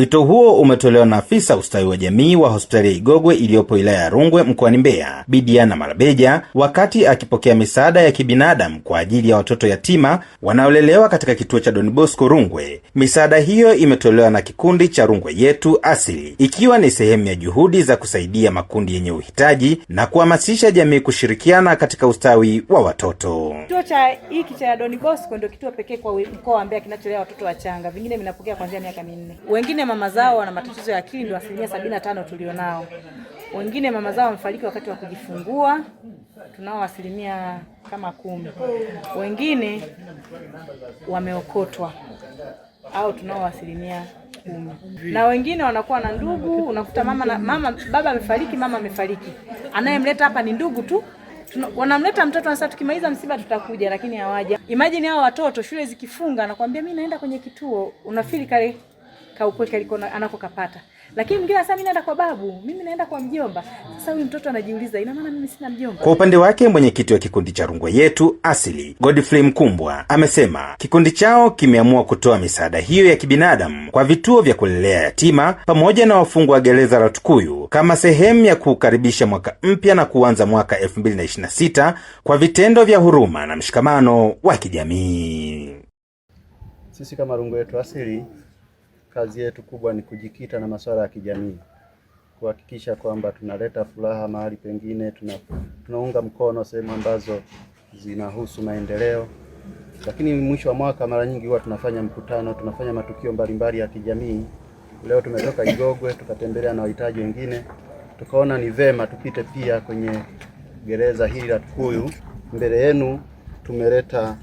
Wito huo umetolewa na afisa ustawi wa jamii wa hospitali ya Igogwe iliyopo wilaya ya Rungwe mkoani Mbeya, Bidiana Marabeja, wakati akipokea misaada ya kibinadamu kwa ajili ya watoto yatima wanaolelewa katika kituo cha donibosco Rungwe. Misaada hiyo imetolewa na kikundi cha Rungwe Yetu Asili, ikiwa ni sehemu ya juhudi za kusaidia makundi yenye uhitaji na kuhamasisha jamii kushirikiana katika ustawi wa watoto. Kituo cha hiki cha ndio kituo pekee kwa mkoa wa Mbeya kinacholea watoto wachanga, vingine vinapokea miaka minne, wengine mama zao wana matatizo ya akili ndio asilimia sabini na tano tulionao. Wengine mama zao wamefariki wakati wa kujifungua, tunao asilimia kama kumi. Wengine wameokotwa au tunao asilimia kumi, na wengine wanakuwa na ndugu. Unakuta mama na mama, baba amefariki, mama amefariki, anayemleta hapa ni ndugu tu wanamleta mtoto sasa, tukimaliza msiba tutakuja, lakini hawaja. Imagine hao watoto shule zikifunga, nakwambia mimi naenda kwenye kituo, unafili kale ukweli kaliko anako kapata. Lakini mwingine anasema mimi naenda kwa babu, mimi naenda kwa mjomba. Sasa huyu mtoto anajiuliza, ina maana mimi sina mjomba? Kwa upande wake mwenyekiti wa kikundi cha Rungwe Yetu Asili, Godfrey Mkumbwa, amesema kikundi chao kimeamua kutoa misaada hiyo ya kibinadamu kwa vituo vya kulelea yatima pamoja na wafungwa wa gereza la Tukuyu kama sehemu ya kuukaribisha mwaka mpya na kuanza mwaka 2026 kwa vitendo vya huruma na mshikamano wa kijamii. Sisi kama Rungwe Yetu Asili Kazi yetu kubwa ni kujikita na masuala ya kijamii, kuhakikisha kwamba tunaleta furaha mahali pengine, tuna, tunaunga mkono sehemu ambazo zinahusu maendeleo. Lakini mwisho wa mwaka mara nyingi huwa tunafanya mkutano, tunafanya matukio mbalimbali ya kijamii. Leo tumetoka Igogwe tukatembelea na wahitaji wengine, tukaona ni vema tupite pia kwenye gereza hili la Tukuyu. Mbele yenu tumeleta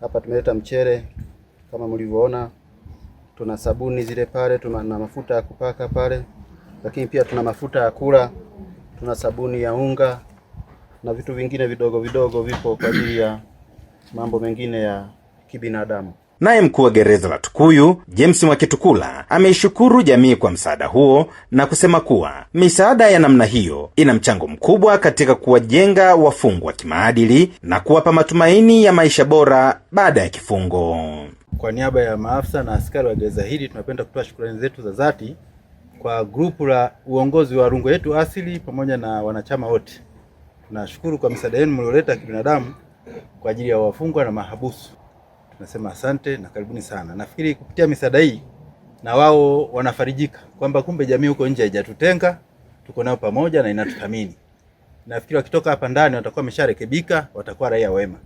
hapa, tumeleta mchele kama mlivyoona tuna sabuni zile pale, tuna mafuta ya kupaka pale, lakini pia tuna mafuta ya kula, tuna sabuni ya unga na vitu vingine vidogo vidogo vipo kwa ajili ya mambo mengine ya kibinadamu. Naye mkuu wa gereza la Tukuyu James Mwakitukula ameishukuru jamii kwa msaada huo na kusema kuwa misaada ya namna hiyo ina mchango mkubwa katika kuwajenga wafungwa kimaadili na kuwapa matumaini ya maisha bora baada ya kifungo. Kwa niaba ya maafisa na askari wa gereza hili tunapenda kutoa shukurani zetu za zati kwa grupu la uongozi wa rungo Yetu Asili pamoja na wanachama wote. Tunashukuru kwa misaada yenu mlioleta kibinadamu kwa ajili ya wafungwa na mahabusu nasema asante na karibuni sana. Nafikiri kupitia misaada hii na wao wanafarijika kwamba kumbe jamii huko nje haijatutenga, tuko nao pamoja na inatuthamini. Nafikiri wakitoka hapa ndani watakuwa wamesharekebika, watakuwa raia wema.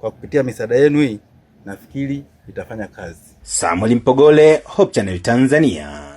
Kwa kupitia misaada yenu hii nafikiri itafanya kazi. Samuel Mpogole, Hope Channel Tanzania.